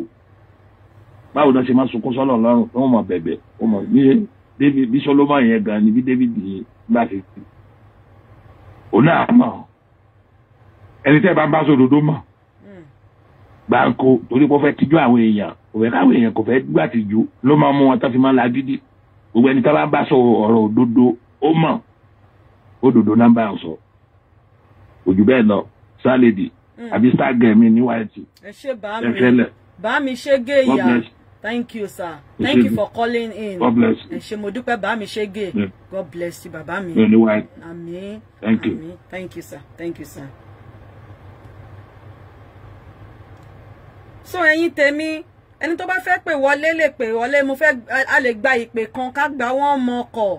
báwo náà ṣe máa sunkún sọ́lọ̀ lọ́rùn tó mọ̀ bẹ̀bẹ̀ ó mọ̀ ní débi bí sọlọ́mọ yẹn gan ni bí david yìí bá ṣe ti òun náà mọ̀ ẹni tẹ́ bá bá sòdodo mọ̀ hmm. gbáǹkó torí pé ó fẹ́ tijú àwọn èèyàn kò fẹ́ káwọn èèyàn kò fẹ́ gbàtìjú ló máa mú wọn tó fi máa lagídí gbogbo ẹni tá bá bá sọ ọ̀rọ̀ òdodo ó mọ̀ òdodo nọ́mbà ń sọ òjò bẹ́ẹ̀ lọ sálẹ̀dì mm. àbí ságẹ̀ mi ní wáyẹ̀tì ẹ̀fẹ́lẹ̀. bá mi ṣe gé ìyá thank you sir thank you for calling in God bless you ẹ mo dúpẹ́ bá mi God bless you bàbá mi àmín àmín thank you sir thank you sir. so ẹ̀yin tèmi ẹni tó bá fẹ́ pè wọlé lè pè wọlé mo fẹ́ a lè gba ìpè kan ká gba wọ́n mọ ọkọ̀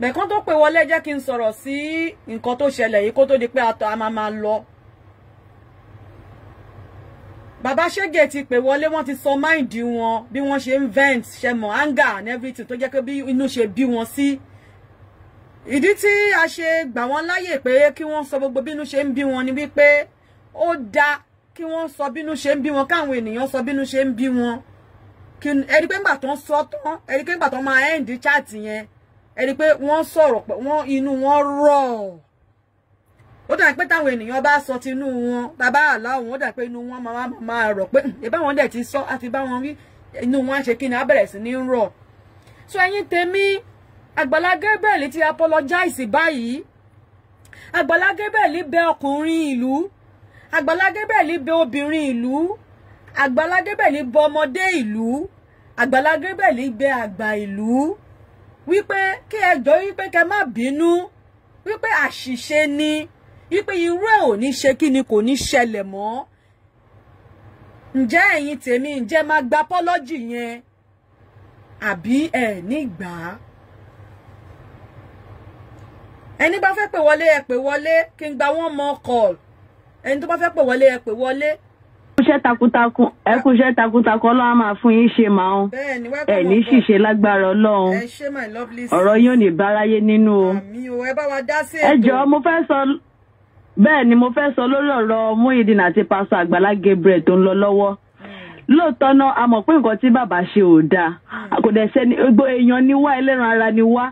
bẹ̀kan tó pè wọlé jẹ́ kí n sọ̀rọ̀ sí nǹkan tó ṣẹlẹ̀ yìí kó tó di pé atọ́ a máa máa lọ. bàbá ṣége ti pè wọlé wọ́n ti sọ máìndì wọn bí wọ́n ṣe ń vent ṣe mọ̀ anger and everything tó jẹ́ pé bí inú ṣe bí wọn sí. ìdí tí a ṣe gbà wọ́n láyè pé kí wọ́n sọ gbogbo bí inú ṣe ń bí wọn ni wípé ó dáa kí wọ́n sọ bínú ṣe ń bí wọn káwọn ènìyàn sọ bínú ṣe ń bí wọn ẹ̀rí pé ńgbà tó ń sọ tán ẹ̀rí pé ńgbà tó máa ẹ́ǹdì chaàtì yẹn ẹ̀rí pé wọ́n sọ̀rọ̀ pé wọ́n inú wọn rọ̀ ó dà pé táwọn ènìyàn bá sọ tinú wọn bàbá àláwọn ó dà pé inú wọn máa máa rọ̀ pé ìbá hmm, wọn dẹ̀ ti sọ àti bá wọn rí inú wọn ṣe kí ni á bẹ̀rẹ̀ sí ní rọ̀ so ẹ̀yin tèmi Àgbàlá Gabriel ti apologize báyìí Àgbàlá Gabriel bẹ ọkùnrin ìlú Àgbàlá Gabriel bẹ obìnrin ìlú Àgbàlá Gabriel bẹ ọmọdé ìlú Àgbàlá Gabriel bẹ àgbà ìlú wípé kí ẹ jọ wípé kẹ má bínú wípé àṣìṣe ni wípé irú ẹ̀ ò ní ṣe kí ni kò ní ṣẹlẹ̀ mọ́ ǹjẹ́ ẹ̀yin tèmi ǹjẹ́ máa gba apọ́lọ́jì yẹn àbí ẹ̀ nígbà ẹni bá fẹ́ pè wọlé ẹ pè wọlé kí n gba one more call ẹni tó bá fẹ́ pè wọlé ẹ pè wọlé. ẹ takuntakun ẹ takuntakun ọlọ́run á máa fún yín ṣe màá ẹ ní ṣìṣe lágbára ọlọ́run ọ̀rọ̀ yóò ní báráyé nínú o. ẹ jọ̀ọ́ mo fẹ́ sọ bẹ́ẹ̀ ni mo fẹ́ sọ lórí ọ̀rọ̀ Muyideen àti pásọ Àgbàlá Gabriel tó ń lọ lọ́wọ́ hmm. lóòótọ́ náà a mọ̀ pé nǹkan tí bàbá ṣe ò dáa hmm. kò dẹ̀ sẹ́ni gbogbo èèyàn ni wá ẹlẹ́ran ara ni wá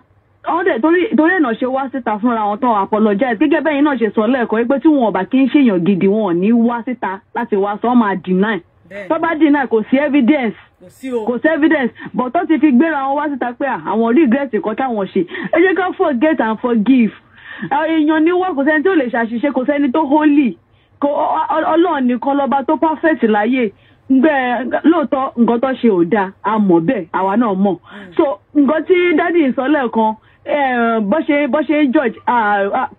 wọ́n dẹ̀ torí torí ẹ̀nà ṣe wá síta fúnra wọn tán apologize gẹ́gẹ́ bẹ́yìn náà ṣe sọ lẹ́ẹ̀kọ́ pé tí wọn ọba kì í ṣèyàn gidi wọn ò ní wá síta láti wá sọ máa deny tó bá deny kò sí evidence kò sí evidence but tó ti fi gbéra wọn wá síta pé ah, àwọn regret kan táwọn ṣe ẹ jẹ́ ká forget and forgive èèyàn ní wá kò sẹ́ni tí ò lè ṣàṣìṣe kò sẹ́ni tó holy ọlọ́run nìkan lọ́ba tó perfect láyé gbẹ lóòótọ́ nǹkan tó ṣe ò dáa a mọ̀ bẹ́ẹ̀ àwa náà mọ̀ mm. so nǹkan tí dádì ìsọ lẹ́ẹ̀kan Eh, bọ́ṣe bọ́ṣe judge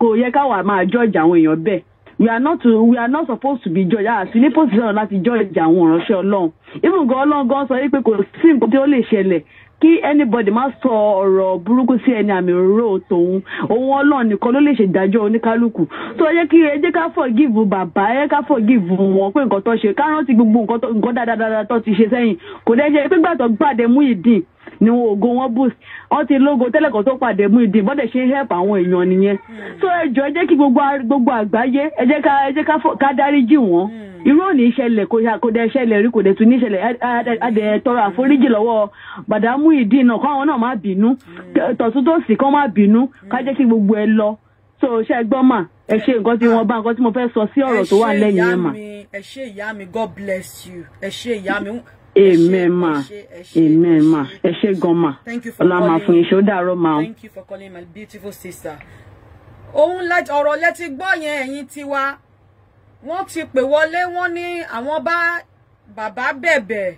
kò yẹ káwa máa judge àwọn èèyàn bẹ́ẹ̀ we are not we are not supposed to be judge a sì ní position láti judge àwọn ìránṣẹ́ ọlọ́run even gan ọlọ́run gan sọ wípé kò sí nǹkan tí ó lè ṣẹlẹ̀ kí anybody má sọ ọ̀rọ̀ burúkú sí ẹni àmì òróró tòun òun ọlọ́run nìkan ló lè ṣèdájọ́ oníkálukú tó yẹ kí ẹ jẹ́ ká forgive bàbá ẹ ká forgive wọn pé nǹkan tó ṣe ká rántí gbogbo nǹkan dáadáa tó ti ṣe sẹ́yìn kò dẹ́ ṣe pé gbàtọ́ gbàdé mú ìdín ni wọn ògo wọn boost wọn ti lógo tẹ́lẹ̀kọ́ tó pàdé mú ìdí bọ́dẹ̀ ṣe ń help àwọn èèyàn nìyẹn hmm. so ẹ jọ ẹ jẹ́ kí gbogbo àgbáyé ẹ jẹ́ ká ẹ jẹ́ ká dáríjì wọn hmm. irú òní ìṣẹ̀lẹ̀ kò dẹ̀ ṣẹlẹ̀ rí kò dẹ̀ tún ní ìṣẹ̀lẹ̀ adẹ tọrọ àforíjì lọ́wọ́ bàdámù ìdí náà káwọn náà má bínú hmm. tọ̀túntòsì kán má bínú ká jẹ́ kí gbogbo ẹ lọ so ṣe gbọ́ mà ẹ ṣe nǹkan tí wọ́n bá nǹkan tí mo fẹ́ sọ sí ọ̀rọ̀ tó wà lẹ́yìn ẹ̀ mà. ẹ ṣe ìyá mi god bless you ẹ ṣe ìyá mi amen ma amen ma eshe goma. Thank you for fún yín ṣe ó ma thank you for calling my beautiful sister. ohun ọ̀rọ̀ lẹ́tí gbọ́ yẹn ẹ̀yin tiwa wọ́n ti pè wọlé wọ́n ní àwọn ba bàbá bẹ̀bẹ̀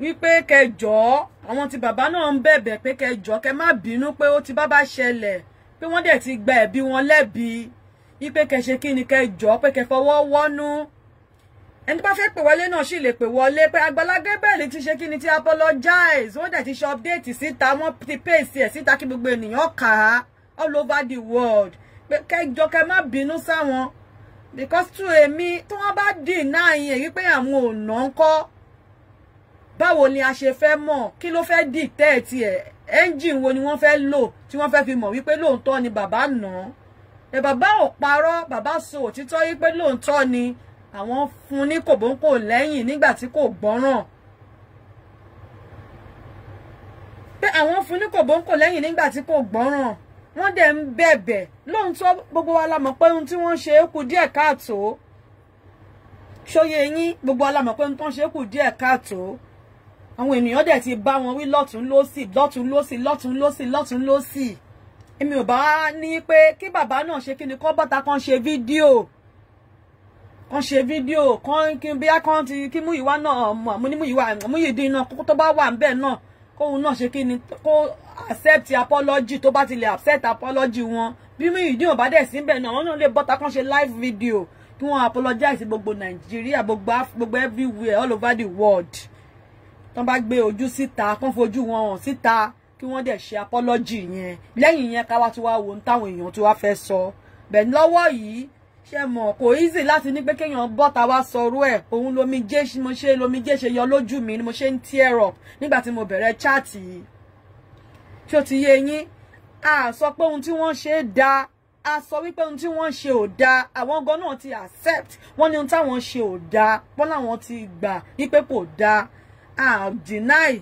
wípé kẹjọ́ àwọn tí bàbá náà ń bẹ̀bẹ̀ pé kẹjọ́ kẹ má bínú pé ó ti bábá ṣẹlẹ̀ pé wọ́n dẹ̀ ti gba ẹ̀bí wọn lẹ́bi wípé kẹ ṣe kí ni kẹjọ́ pé kẹ fọwọ́ wọ́nú ẹni tó bá fẹ́ pè wọlé náà sì lè pè wọlé pé Agbala Gabriel ti ṣe kí ni ti apologize ó dẹ̀ ti ṣe update síta wọ́n ti pèsè ẹ̀ síta kí gbogbo ènìyàn kà á all over the world pé kẹjọ kẹ má bínú sáwọn because tú èmi tí wọ́n bá dì náà yẹn èyí pé àwọn ò ná ń kọ́ báwo ni a ṣe fẹ́ mọ̀ kí ló fẹ́ dì tẹ́ẹ̀tì ẹ̀ ẹ́ńjìn wo ni wọ́n fẹ́ lò tí wọ́n fẹ́ fi mọ̀ wípé lóòótọ́ ni bàbá nà án ẹ̀ bàbá ò parọ́ bàbá sọ òtítọ́ wípé lóòótọ́ ni àwọn fún ní kòbóńkò lẹ́yìn nígbà tí kò gbọ́ràn pé àwọn fún ní kòbóńkò lẹ́yìn nígbà tí kò gbọ́ràn wọ́n dẹ̀ ń bẹ̀bẹ̀ lóòótọ́ gbogbo wa la mọ̀ pé ohun tí wọ́n ṣe é kù díẹ̀ káàtó ṣóyè yín gbogbo wa la mọ̀ pé ohun tí wọ́n ṣe é kù díẹ̀ káàtó àwọn ènìyàn dẹ̀ ti bá wọn wí lọ́tún lọ́sì lọ́tún lọ́sì lọ́tún lọ́sì lọ́tún lọ́sì èmi ò bá ní pé kí bàbá náà ṣe kí ni kọ́ bọ́ta kan ṣe fídíò kan ṣe fídíò kan kí bí a kan ti kí Múyìwá náà mọ àmúnímúyìwá àmúyìdín náà kókó tó bá wà ńbẹ̀ náà kóhun náà ṣe kí ni kó accept apology tó bá ti lè accept apology wọn bí Múyìdín ò bá dẹ̀ sí ńbẹ̀ náà wọn náà lè bọ́ta kan ṣe live video kí wọ́n apologize gbogbo Nàìjíríà gbogbo gbogbo everywhere all over the world tán bá gbé ojú síta kán fojú wọn hàn síta kí wọ́n dẹ̀ ṣe apology yẹn lẹ́yìn yẹn ká wá tún wá wo ohun táwọn èèyàn tún wá fẹ́ sọ bẹ́ẹ̀ lọ́wọ́ yìí ṣe mọ̀ kò easy láti ní pé kéèyàn bọ́ta wá sọ̀rọ̀ ẹ̀ òun lomi jẹ́ ṣe mo ṣe lomi jẹ́ ṣe yọ lójú mi ni mo ṣe ń tear up nígbà tí mo bẹ̀rẹ̀ chaati yìí tí ó ti yé yín a sọ pé ohun tí wọ́n ṣe da a sọ wípé ohun tí wọ́n ṣe ò da àwọn gan náà ti accept wọ́n ní ohun táwọn ṣe ò da wọ́n láwọn ti gbà wípé kò da a deny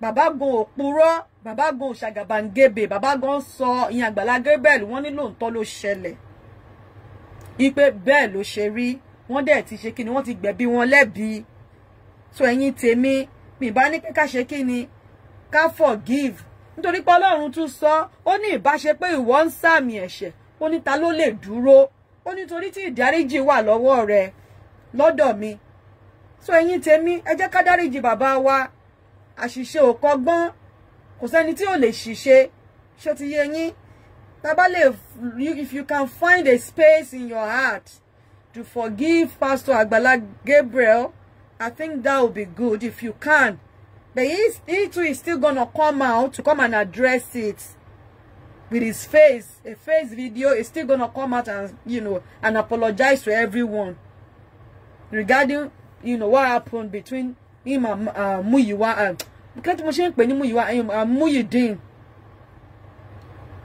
bàbá gan òpùrọ́ bàbá gan òṣàgàbàǹgebè bàbá gan sọ ìyẹn Àgbàlá Gabriel wọ́n ní lóòótọ́ ló ṣẹlẹ̀ ipe bẹ́ẹ̀ ló ṣe rí wọ́n dẹ̀ ti ṣe kíni wọ́n ti gbẹ̀bí wọn lẹ́bi so ẹ̀yin tèmi mi bá ní pé ká ṣe kíni ká forgive nítorí pé Ọlọ́run tún sọ ó ní ìbáṣe pé ìwọ ń sàmì ẹ̀ṣẹ̀ ó ní ta ló lè dúró ó nítorí tí ìdáríjì wà lọ́wọ́ rẹ lọ́dọ̀ mi so ẹ̀yin tèmi ẹ jẹ́ ká dáríjì bàbá wa àṣìṣe ò kọ́gbọ́n kò sẹ́ni tí ò lè ṣìṣe ṣó ti yé yín Tabale, if you can find a space in your heart to forgive Pastor Agbala Gabriel, I think that would be good if you can. But he, he too is still going to come out to come and address it with his face. A face video is still going to come out and, you know, and apologize to everyone regarding, you know, what happened between him and uh, Muyiwa. Uh, Muyiwa and Muyideen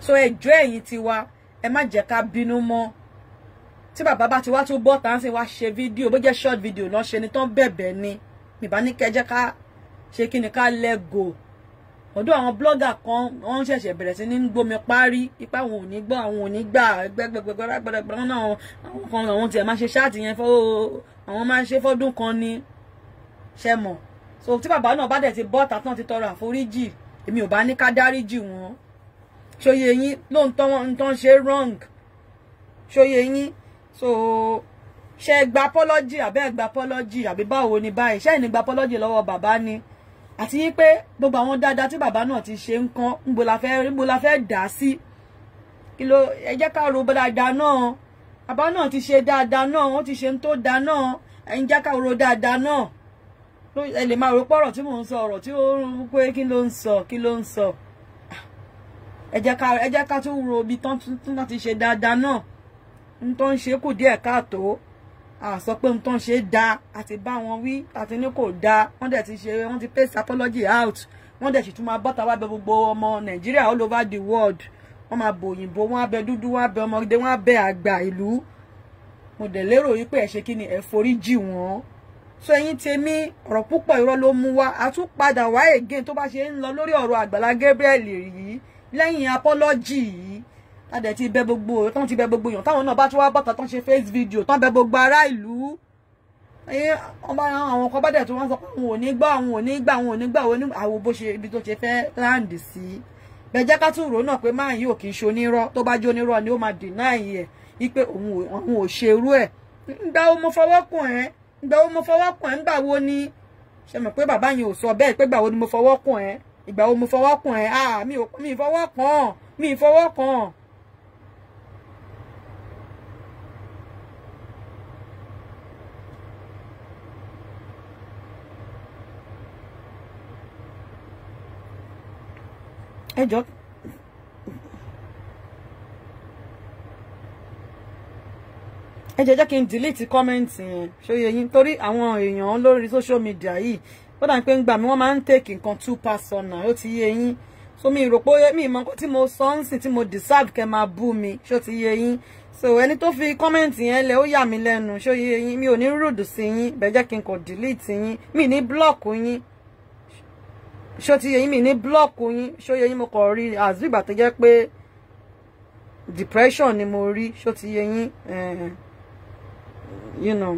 so ẹjọ́ ẹ̀yin ti wa ẹ má jẹ́ ká bínú mọ́ tí bàbá bá ti wá tún bọ́ tàn sí wá ṣe fídíò bó jẹ́ short video náà ṣe ni tán bẹ̀bẹ̀ ni mìbá ní kẹjẹ́ ká ṣe kí ni ká lẹ́gò ọ̀dọ̀ àwọn blogger kan wọ́n ṣẹ̀ṣẹ̀ bẹ̀rẹ̀ sí ní gbomi parí ipá àwọn ò ní gbọ́ àwọn ò ní gbà gbẹgbẹgbẹgbẹgbẹgbẹ wọn náà àwọn kan àwọn tiẹ̀ máa ṣe ṣáàtì yẹn fọ́ àwọn máa ṣe fọ́dún kan ni ṣe mọ̀ so tí bàbá náà bá dẹ̀ ti bọ́ tàtàn ti tọrọ àforíjì èmi ò bá ní ká dáríjì wọn ṣòye yín ló ń tán ń tán ṣe wrong ṣòye yín so ṣe gba apology àbẹ́ gba apology àbí báwo ni báyìí ṣe ní gba apology lọ́wọ́ bàbá ni àti pé gbogbo àwọn dáadáa tí bàbá náà ti ṣe ń kan níbo la fẹ́ níbo la fẹ́ dà sí kí ló ẹ jẹ́ ká ro dáadáa náà bàbá náà ti ṣe dáadáa náà wọ́n ti ṣe ń tó dáa náà ẹ jẹ́ ká dáadáa náà ẹ lè máa ro pọ̀rọ̀ tí mò ń sọ ọ̀rọ̀ tí ó ń pé kí ló ń sọ kí ló ń sọ ẹ jẹ́ ká ẹ jẹ́ ká tún ro ibi tán tún láti ṣe dáadáa náà ń tó ń ṣe kù díẹ̀ káàtó à sọ pé ń tó ń ṣe dáa àti bá wọn wí àti ní kò dáa wọ́n dẹ̀ ti ṣe wọ́n ti paste apology out wọ́n dẹ̀ sì tún máa bọ́ta wá bẹ gbogbo ọmọ nàìjíríà all over the world wọ́n máa bọ òyìnbó wọ́n á bẹ dúdú wọ́n á bẹ ọmọdé wọ́n á bẹ àgbà ìlú mo dẹ̀ lérò yìí pé ẹ̀ ṣe kí ni ẹ̀ forí jì wọ́n so ẹ̀yin tèmi ọ̀rọ̀ púpọ̀ irọ́ ló mú wa a tún padà tó bá ṣe ń lọ lórí ọ̀rọ̀ Àgbàlá Gabriel yìí lẹ́yìn apọ́lọ́jì yìí tàdé ti bẹ gbogbo tán ti bẹ gbogbo èèyàn táwọn náà bá tún wá bàtà tán ṣe face video tán bẹ gbogbo ará ìlú àwọn kan bá dẹ̀ tó wọ́n sọ pé àwọn ò ní gbọ́ àwọn ò ní gbà àwọn ò ní gbà àwọn bó ṣe ibi tó ṣe fẹ́ ráǹdì sí bẹ̀jẹ́ ká tún rò náà pé máa yìí ò kì í ṣe tó bá jẹ́ ni ó máa deny ẹ̀ wípé òun ò ṣe irú ẹ̀ ńgbà wo mo fọwọ́ kàn ẹ́ ńgbà wo mo fọwọ́ kàn ẹ́ ńgbà wo ni ṣe mọ̀ pé bàbá yẹn ò sọ bẹ́ẹ̀ pé gbà wo ni mo fọwọ́ kàn ẹ́ ìgbà wo mo fọwọ́ kàn ẹ́ ah mi ò mi ìfọwọ́ kàn mi ìfọwọ́ kàn. ẹ jọ ẹ jẹ́ jẹ́ kí n delete comment yẹn ṣóyè yín torí àwọn èèyàn lórí social media yìí ó dà pé ń gbà mí wọ́n máa ń tèkì nǹkan two pass ọ̀nà ó ti yé yín so mi rò pé mi mọ nǹkan tí mo sọ ń sìn tí mo deserve kẹ́ máa bú mi ṣó ti yé yín so ẹni tó fi kọ́mẹ̀ntì yẹn lẹ̀ ó yà mí lẹ́nu ṣó yé yín mi ò ní rúdù sí yín bẹ́ẹ̀ jẹ́ kí n kò delete yín mi ní block yín ṣó ti yé yín mi ní blọ́ọ̀kù yín ṣó yé yín mo kàn rí àzú ìgbà tó jẹ́ pé depression ni mo rí ṣó ti yé yín eh, you know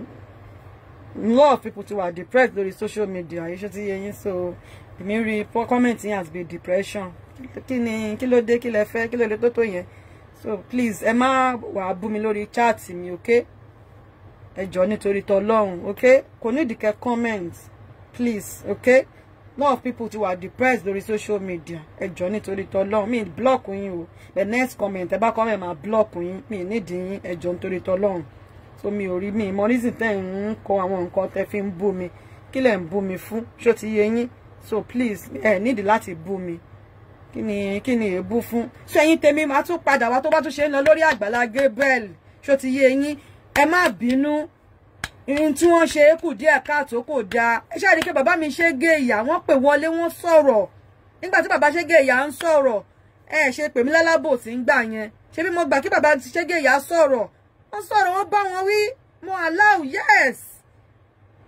lot of people ti are depressed lórí social media iṣẹ́ ti yẹ yín so èmi rí comment yín as be depression kí ni kí ló dé kí lẹ fẹ́ so please ẹ má wàá bú mi lórí chat mi ok ẹ jọ nítorí tọlọ́run okay? kò nídìí kẹ́ comment please okay? lot of people ti are depressed lórí social media ẹ jọ nítorí tọlọ́run mi block yín o the next comment ẹ bá comment máa block yín mi nídìí yín ẹ jọ nítorí tọlọ́run so mi ò rí mi ìmọ̀ nísìn tẹ́ ń kọ àwọn nǹkan tẹ́ fi ń bú mi kí lẹ̀ ń bú mi fún ṣó ti yé yín so please ẹ eh, nídìí láti bú mi kí ni kí ni èébú fún so ẹ̀yin tèmi máa tún padà wá tó bá tún ṣe ń lọ lórí Àgbàlá Gabriel ṣó ti yé yín ẹ má bínú ihun tí wọ́n ṣe kù díẹ̀ káàtó kò dáa ẹ ṣáà rí i pé bàbá mi ṣe gé ìyá wọ́n pè wọlé wọ́n sọ̀rọ̀ nígbà tí bàbá ṣe gé ìyá ń sọ̀rọ̀ ẹ ṣe pèmí lálábò tí ń gbà yẹn ṣe bí mo gbà kí bàbá ṣe gé ìyá sọ̀rọ̀ wọ́n sọ̀rọ̀ wọ́n bá wọn wí mo allow yes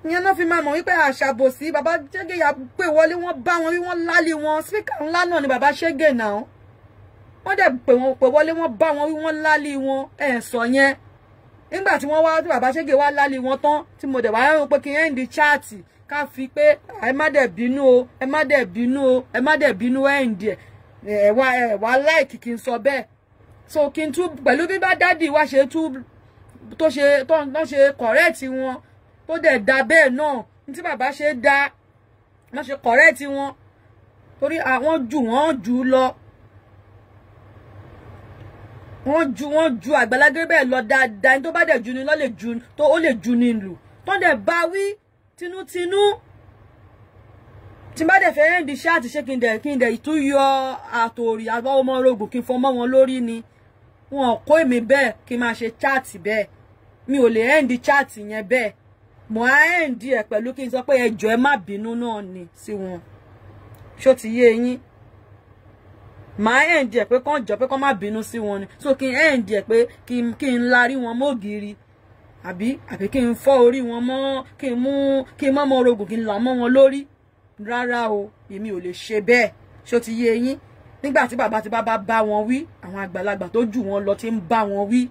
ìyẹn náà fi máa mọ̀ wípé àṣàbòsí bàbá ṣẹ́gẹ̀ yà pé wọlé wọ́n bá wọn wí wọ́n lálé wọn spíkà ńlá náà ni bàbá ṣẹ́gẹ̀ náà wọ́n dẹ̀ pè wọ́n pè wọlé wọ́n bá wọn wí wọ́n lálé wọn ẹ̀ sọ yẹn nígbà tí wọ́n wá tí bàbá ṣẹ́gẹ̀ wá lálé wọn tán tí mo dẹ̀ wá rán pé kí n end chaati ká fi pé ẹ má dẹ̀ bínú o ẹ má dẹ̀ bínú o ẹ má dẹ̀ bínú end ẹ̀ wá ẹ̀ wá láìkì kí n sọ bẹ́ẹ̀ so kí n tú pẹ̀lú bí bá dádì wá ṣe tú tó ṣe tó ń ṣe kọ̀rẹ́ẹ̀tì wọn tó dẹ̀ da bẹ́ẹ̀ náà ní tí bàbá ṣe da wọ́n ṣe kọ̀rẹ́ẹ̀tì wọn torí àwọn jù wọ́n jù lọ wọ́n ju wọ́n ju Àgbàlá Gabriel lọ dáadáa ẹni tó bá dẹ̀ ju ni lọ lè ju tó ó lè ju ni lù tó dẹ̀ bá wí tinútinú tí bá dẹ̀ fẹ́ẹ́ rìn di ṣáàtì ṣé kí n dẹ̀ kí n dẹ̀ tún yọ àtòrí àbọ̀ ọmọ orogùn kí n fọmọ́ wọn lórí ni wọn kó èmi bẹ́ẹ̀ kí n máa chat chaati bẹ́ẹ̀ mi ò lè end chaati yẹn bẹ́ẹ̀ mo á end ẹ̀ pẹ̀lú kí n sọ pé ẹjọ́ ẹ má bínú ni sí wọn ṣó ti yé yín màá end ẹ̀ pé kán jọ pé kán má bínú sí wọn ni so kí n end ẹ̀ pé kí n larí wọn mọ́gìrì àbí àbí kí n fọ́ orí wọn mọ́ kí n mú kí n mọ́ mọ́ orogùn kí n là mọ́ wọn lórí o èmi ò lè ṣe ti yé yín nígbà tí bàbá ti bá bá bá wọn wí àwọn àgbàlagbà tó jù wọn lọ ti ń bá wọn wí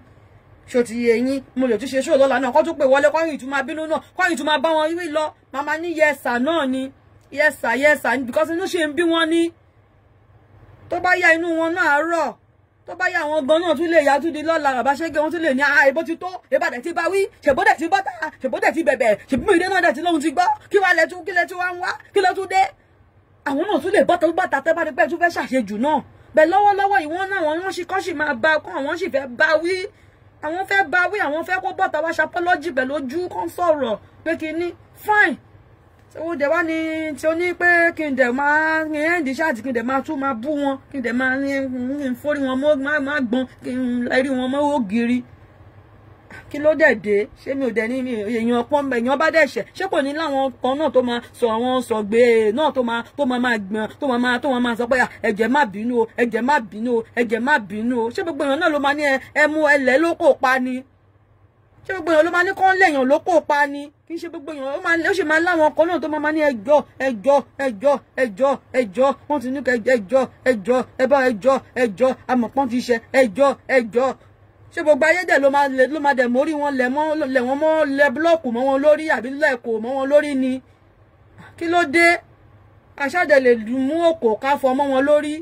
ṣó ti yé yín mo lè tún ṣe ṣóò lọ́la náà kó tún pè wọlé kọ́yìn tún máa bínú náà kọ́yìn tún máa bá wọn wí lọ màmá ní yẹsà náà ni yẹsà yẹsà ni because inú ṣe ń bí wọn ní tó bá yá inú wọn náà rọ̀ tó bá yá àwọn gan náà tún lè yá tún di lọ́la bàbá ṣẹ́gẹ́ wọn tún lè ní àá ah, ìbò ti tó ìbàdàn ti bá wí ṣèbódẹ̀ ti bọ́tà ṣèbódẹ̀ ti bẹ̀bẹ̀ ṣèbí mi ìdẹ́nà dẹ̀ ti lóhun ti gbọ́ kí wàá lẹ́tún kí lẹ́tún wá ń wá kí lọ́tún dé àwọn náà tún lè bọ́ta bọ́ta tẹ́ bá ní pẹ́ tún fẹ́ ṣàṣejù náà bẹ́ẹ̀ lọ́wọ́lọ́wọ́ yìí wọ́n náà wọ́n wọ́n sì kọ́ sì máa bá kọ́ àwọn sì fẹ́ bá wí àwọn fẹ́ bá wí àwọn fẹ́ kó bọ́ta wá ṣapọ́lọ́jì bẹ̀ lójú kó ń sọ̀rọ̀ pé kí ni fine ó dẹ̀ wá ní tí ó ní pé kí n dẹ̀ máa ní ẹ́ǹdì ṣáàtì kí n dẹ̀ máa tún máa bú wọn kí n dẹ̀ máa ní fórí wọn mọ́ máa gbọ́n kí n rí wọn mọ́ ògiri kí ló dẹ̀ dé ṣé mi ò dẹ̀ ní èèyàn pọ́n èèyàn bá dẹ̀ ṣẹ̀ ṣé kò ní láwọn kan náà tó máa sọ àwọn sọ̀gbé náà tó máa tó máa máa gbọ̀n tó máa máa tó máa máa sọ pé ẹ̀jẹ̀ má bínú o ẹ̀jẹ̀ má bínú o ẹ̀jẹ̀ má bínú o ṣé gbogbo èèyàn náà ló máa ní ẹ mú ẹlẹ́ lóko pa ni ṣé gbogbo èèyàn ló máa ní kán lẹ̀yàn lóko pa ni kì í ṣe gbogbo èèyàn ó máa ó sì máa láwọn ọkọ náà tó máa ní ẹjọ́ ẹjọ́ ẹjọ́ ẹjọ́ ẹjọ́ wọ́n ti ní kẹjọ ẹjọ́ ẹjọ́ ẹbá ẹjọ́ ẹjọ́ amọ̀pọ́n ti ṣe ẹjọ́ ẹjọ́ ṣé gbogbo ayé dẹ̀ ló máa ló máa dẹ̀ mórí wọn lẹ̀ mọ́ lẹ̀ wọ́n mọ́ lẹ̀ búlọ́ọ̀kù mọ́ wọn lórí àbí lẹ́ẹ̀kọ́ mọ́ wọn lórí ni kí ló dé aṣáde lè mú òkò ká fọ mọ́ wọn lórí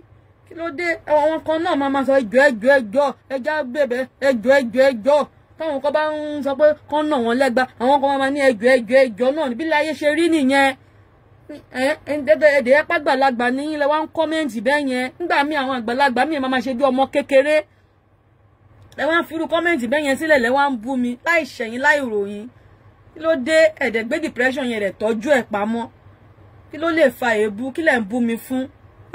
kí ló dé àwọn kan náà máa máa sọ ẹjọ́ ẹjọ́ ẹjọ́ ẹjá bèbè ẹjọ́ ẹjọ́ ẹjọ́ táwọn kan bá ń sọ pé kán nà wọ́n lẹ́gba àwọn kan máa ní ẹjọ́ ẹjọ́ ẹjọ́ náà níbi láyé ṣe rí nìyẹn ẹ̀ẹ́dẹ̀ẹ́dẹ̀ ẹ̀pá àgbàlagbà níyìn lẹ wá ń kọ́mẹ́ǹtì bẹ́ẹ̀ yẹn nígbà míì àwọn àgbàlagbà míì máa máa ṣe bí ọmọ kékeré lẹ wá ń firú kọ́mẹ́ǹtì bẹ́ẹ̀ yẹn sílẹ̀ lẹ wá ń bú mi láì ṣẹ̀yìn láì ròyìn kí ló dé ẹ̀dẹ̀ gbé depression yẹn rẹ̀ tọ́jú ẹ̀ pamọ́ kí ló lè fa èébú kí lẹ̀ ń bú mi fún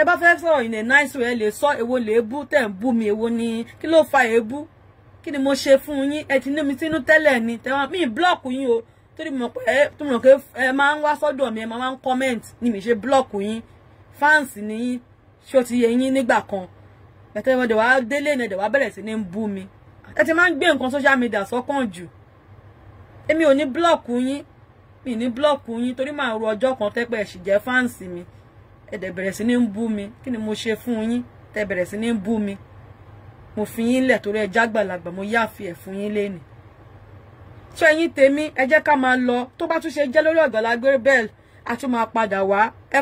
ẹ bá fẹ́ sọ̀rọ̀ ìnẹ̀ náìsì rẹ̀ lè sọ èwo lè bú tẹ̀ ń bú mi èwo ni kí ló fa èébú kí ni mo ṣe fún yín ẹ ti ní mi sínú tẹ́lẹ̀ ni tẹ̀wọ́n mi blọ́ọ̀kù yín o torí mo pẹ́ tó mọ̀ pé ẹ máa ń wá sọ́dọ̀ mi ẹ máa ń ni mi ṣe blọ́ọ̀kù yín ni yín ṣó ti yẹ ẹ̀tẹ́ wọn dẹ̀ wá délé ni dẹ̀ wá bẹ̀rẹ̀ sí ní ń bú mi ẹ ti máa ń gbé nǹkan social media sọ́kàn jù èmi ò ní blọ́ọ̀kù yín mi ní blọ́ọ̀kù yín torí màá ro ọjọ́ kan tẹ́pẹ́ ẹ̀sì jẹ́ fáǹsì mi ẹ dẹ̀ bẹ̀rẹ̀ sí ní ń bú mi kí ni mo ṣe fún yín tẹ́ bẹ̀rẹ̀ sí ní ń bú mi mo fi yín lẹ̀ torí ẹja àgbàlagbà mo yáàfi ẹ̀ fún yín lénìí tó ẹ̀yin tèmi ẹ jẹ́ ká máa lọ tó bá tún ṣe jẹ́ lórí ọ̀gá lágbèrè bẹ́ẹ̀ a tún máa padà wá ẹ